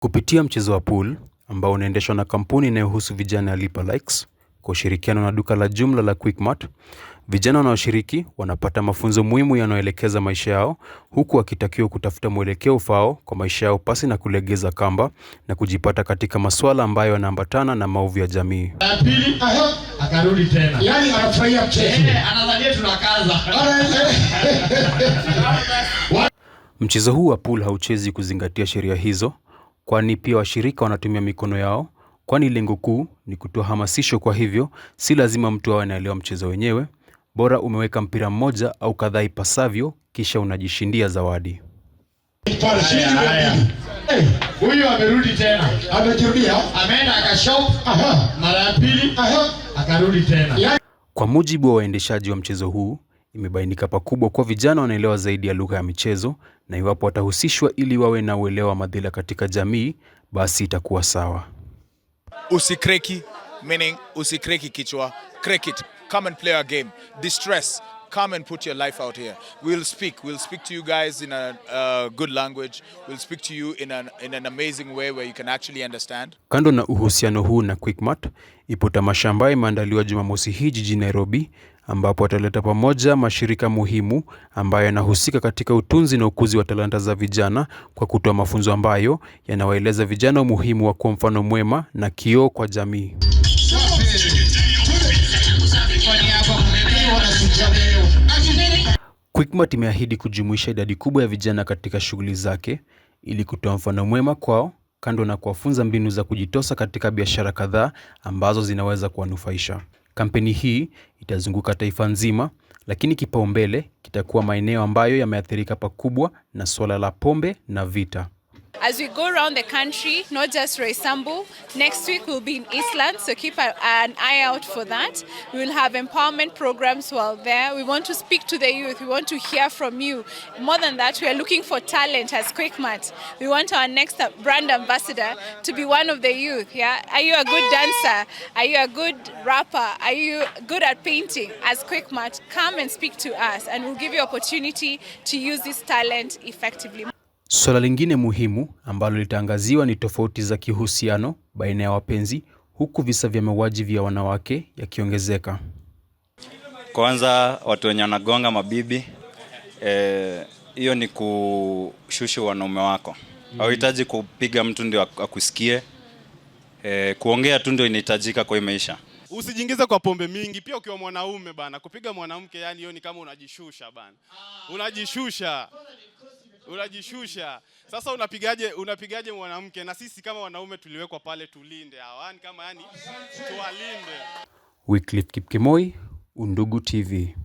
Kupitia mchezo wa pool ambao unaendeshwa na kampuni inayohusu vijana ya lipa likes kwa ushirikiano na duka la jumla la quickmart vijana wanaoshiriki wanapata mafunzo muhimu yanayoelekeza maisha yao huku wakitakiwa kutafuta mwelekeo ufao kwa maisha yao pasi na kulegeza kamba na kujipata katika masuala ambayo yanaambatana na maovu ya jamii. Mchezo huu wa pool hauchezi kuzingatia sheria hizo kwani pia washirika wanatumia mikono yao, kwani lengo kuu ni kutoa hamasisho. Kwa hivyo, si lazima mtu awe anaelewa mchezo wenyewe, bora umeweka mpira mmoja au kadhaa ipasavyo, kisha unajishindia zawadi. Huyu amerudi tena, ameenda akashop mara ya pili, akarudi tena. Kwa mujibu wa waendeshaji wa mchezo huu Imebainika pakubwa kuwa vijana wanaelewa zaidi ya lugha ya michezo na iwapo watahusishwa ili wawe na uelewa wa madhila katika jamii basi itakuwa sawa. Usikreki, meaning usikreki kichwa. Crack it. Come and play a game. Distress. Come and put your life out here. We'll speak. We'll speak to you guys in a uh, good language. We'll speak to you in an, in an amazing way where you can actually understand. Kando na uhusiano huu na Quickmart, ipo tamasha ambayo imeandaliwa Jumamosi hii jijini Nairobi ambapo ataleta pamoja mashirika muhimu ambayo yanahusika katika utunzi na ukuzi wa talanta za vijana kwa kutoa mafunzo ambayo yanawaeleza vijana umuhimu wa kuwa mfano mwema na kioo kwa jamii. Quickmart imeahidi kujumuisha idadi kubwa ya vijana katika shughuli zake ili kutoa mfano mwema kwao, kando na kuwafunza mbinu za kujitosa katika biashara kadhaa ambazo zinaweza kuwanufaisha. Kampeni hii itazunguka taifa nzima, lakini kipaumbele kitakuwa maeneo ambayo yameathirika pakubwa na suala la pombe na vita. As we go around the country, not just Roysambu, next week we'll be in Eastland, so keep an eye out for that. We'll have empowerment programs while there. We want to speak to the youth, we want to hear from you. More than that, we are looking for talent as QuickMart. We want our next brand ambassador to be one of the youth. Yeah? Are you a good dancer? Are you a good rapper? Are you good at painting? As QuickMart, come and speak to us, and we'll give you opportunity to use this talent effectively. Suala lingine muhimu ambalo litaangaziwa ni tofauti za kihusiano baina ya wapenzi huku visa vya mauaji vya wanawake yakiongezeka. Kwanza watu wenye wanagonga mabibi eh, hiyo, e, ni kushusha wanaume wako. Mm-hmm. Hauhitaji kupiga mtu ndio akusikie. E, kuongea tu ndio inahitajika kwa maisha. Usijiingize kwa pombe mingi pia ukiwa mwanaume bana. Kupiga mwanamke yani hiyo ni kama unajishusha bana, ah. unajishusha unajishusha. Sasa unapigaje, unapigaje mwanamke? Na sisi kama wanaume tuliwekwa pale tulinde hawani, kama yani tuwalinde. Wycliffe Kipkemoi, Undugu TV.